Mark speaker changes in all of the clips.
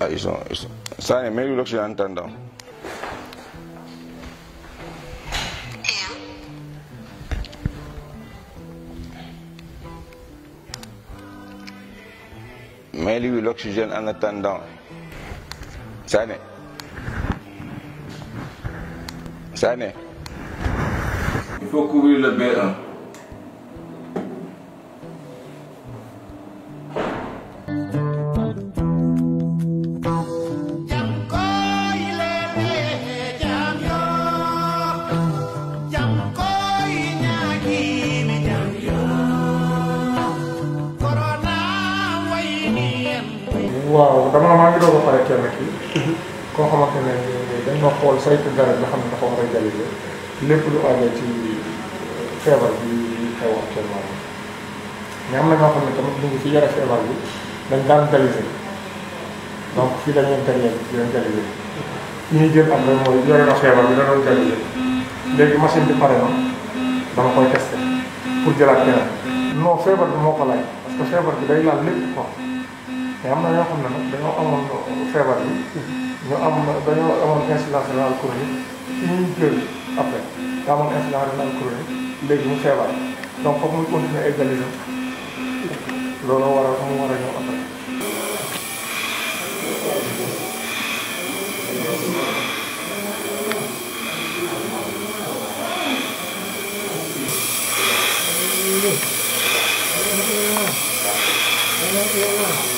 Speaker 1: Ah, ils sont. Ils sont. Sani, mets-lui là que je l'entends dans. lui l'oxygène en attendant. Sani. Sani. Il faut couvrir le B1. waaw damaa maa ngi doog a pare kenn kii. Mhm. koo xamante ne dañ ma xool saytu garab nga xam ne dafa war a jëlee lépp lu aajo ci euh, feebar bi xew actuellement na ñoo xam ne tamit ñu ngi fi yore bi dañ daan dialysé donc fii la ñuy teg leen di leen dialysé fi ñuy jël am rek mooy yore na feebar bi da doon dialysé léegi machine bi pare na dama koy testé pour jëlaat keneen. non feebar bi moo ko parce que feebar bi day laal lépp quoi. am na yoo xam ne nag dañoo amoon feebar bi ñu am dañoo amoon insuffisance rénale chronique ci ñuy jël après te amoon insuffisance rénale chronique léegi mu feebar donc foog muy continuer ay loolu war a mu war a ñëw après. Yeah.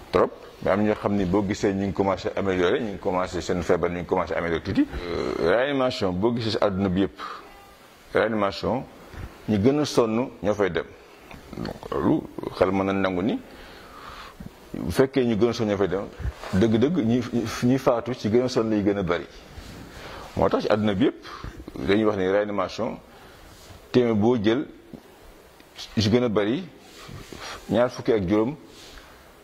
Speaker 1: trop mais am ñoo xam ni boo gisee ñu ngi commencé amélioré ñu ngi commencé seen feebar ñu ngi commencé amélioré tuuti. Euh. réanimation boo gisee si àdduna bi yëpp réanimation ñi gën a sonn ñoo fay dem donc loolu xel mën nangu ni bu fekkee ñu gën a sonn fay dem dëgg-dëgg ñi ñi faatu ci gën a yi gën bari moo tax ci àdduna bi yëpp dañuy wax ni réanimation téeméer boo jël ci gën bari ñaar fukki ak juróom.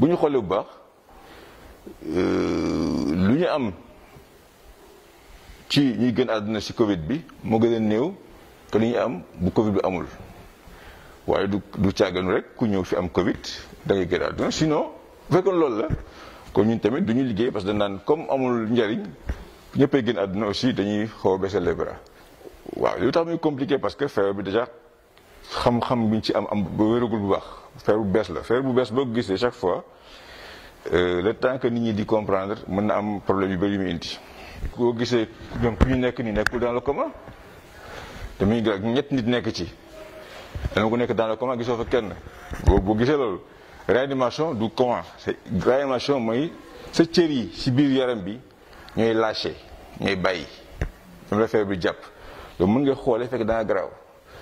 Speaker 1: bu ñu xoolee bu baax euh, lu ñu am ci ñuy gën àdduna si Covid bi moo gën a néew que li ñu am bu Covid bi amul waaye du du càgganu rek ku ñëw fi am Covid da ngay a àdduna sinon bu fekkoon loolu la kon ñu tamit du ñu liggéey parce que danaan comme amul njariñ ñëppay gën àdduna aussi dañuy xaw a baisser les bras waaw li tax muy compliqué parce que feebar bi déjà xam-xam bi ñu ci am am ba wéragul bu baax feer bu bees la feer bu bees boo gisee chaque fois euh, le temps que nit ñi di comprendre mën na am problème yu bëri yu muy indi. boo gisee ñoom ku ñu nekk nii nekkul dans le coma te muy ñett nit nekk ci dana ko nekk dans le coma gisoo fa kenn boo bu gisee loolu réanimation du coma c'est réanimation mooy sa cër yi si biir yaram bi ñooy lâché ñooy bàyyi ñoom la feer bi jàpp mun mën nga xoolee fekk da nga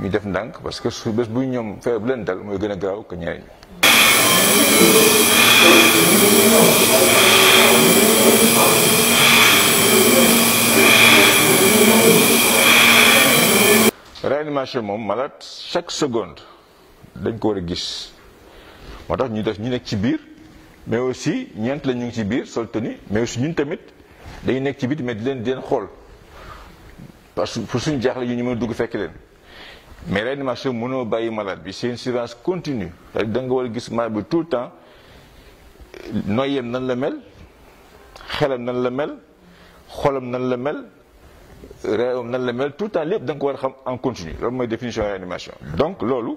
Speaker 1: ñu def ndànk parce que su bés bu ñoom fexe bu leen dal mooy gën a garaaw que ñeneen ñi moom malade chaque seconde dañ ko gis moo tax ñu def ñu nekk ci biir mais aussi ñeent la ñu ngi ci biir sol tenue mais aussi ñun tamit dañu nekk ci biir mais di xool parce que pour suñu jaaxle yi ñu mën dugg fekk leen mais réanimation mënoo bàyyi malade bi c'est une surveillance continue da nga war gis malade bi tout le temps noyem nan la mel xelam nan la mel kholam nan la mel réewam nan la mel tout le temps lépp da nga ko war en continu C'est ma définition réanimation donc loolu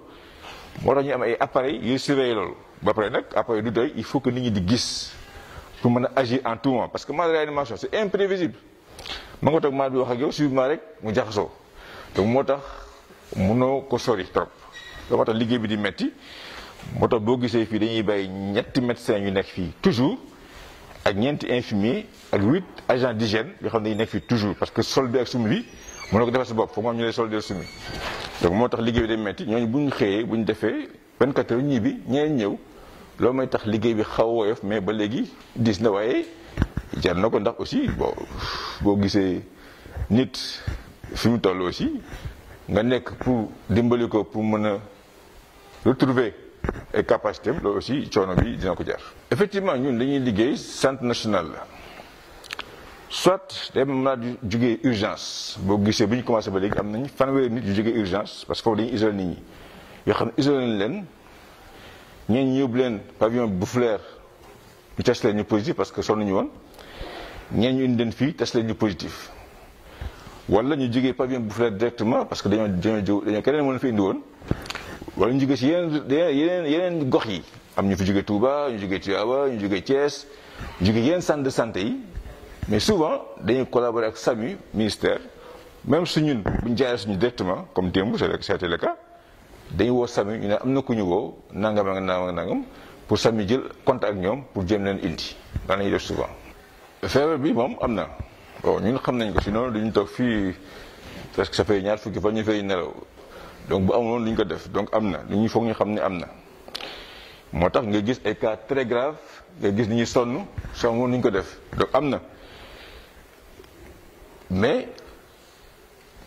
Speaker 1: moo tax ñu am ay appareils yuy surveiller loolu ba pare nag appareil du doy il faut que nit ñi di gis pour mën agir en tout moment parce que malade réanimation c'est imprévisible ma nga toog malade bi wax ak yow subitement rek mu jaxasoo donc moo tax mënoo ko sori trop dama tax liggéey bi di metti moo bo boo fi dañuy bàyyi ñetti médecin yu nek fi toujours ak ñenti infirmier ak huit agent d'hygiène bi xamné ne nek fi toujours parce que soldé ak sumi bi mënoo ko défa sa bop foog moom ñu lay soldé sumi donc motax liguey bi day metti ñoo bu xéé xëyee défé 24 heures ñii bi ñeen ñëw loolu mooy tax liguey bi xaw woyof mais ba légui dis na waaye jar na ko ndax aussi bo boo gisee nit fi mu aussi nga nekk pour dimbali ko pour mën a retrouver et capacité loolu aussi coono bi dina ko jar. effectivement ñun dañuy liggéey centre national la soit day mën di jógee urgence boo gisee bi ñu commencé ba léegi am nañ fanweeri nit yu jógee urgence parce que foofu dañuy isolé nit ñi yoo xam ne isolé nañ leen ñeen ñu yóbbu leen pavillon bu Flers ñu testé leen ñu positif parce que sonn ñu woon ñeen ñu indi leen fii testé leen ñu positif wala ñu jógee pavillon bu fleur directement parce que dañu dañoo dañu keneen mën na fi indi won wala ñu jógee si yeneen yeneen yeneen gox yi am ñu fi jógee Touba ñu jógee Tivaouane ñu jógee Thiès ñu jógee yeneen centre de santé yi mais souvent dañuy collaborer ak SAMU ministère même su ñun bu ñu suñu directement comme démb c'était le cas dañu woo SAMU ñu ne am na ku ñu woo nangam ak nangam nangam pour SAMU jël contact ak ñoom pour jëm leen indi daan nañu def souvent feebar bi moom am na bon ñun xam nañ ko sinon duñu toog fii presque ça fait ñaar fukki fan ñu fay nelaw donc bu amul duñ ko def donc am na lu ñu foog ñu xam ne am na. moo tax nga gis ay cas très grave nga gis ni ñuy sonn soo amuloon ko def donc am na mais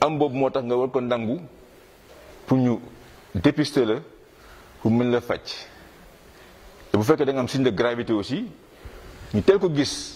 Speaker 1: am boobu moo tax nga war ko ndangu pour ñu dépister la pour mën la faj te bu fekkee da nga am signe de gravité aussi ñu teel ko gis.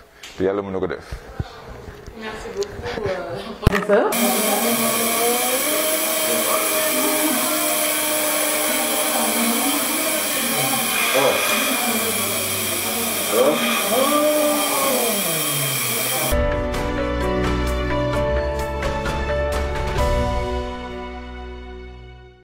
Speaker 1: te yàlla mën na ko def.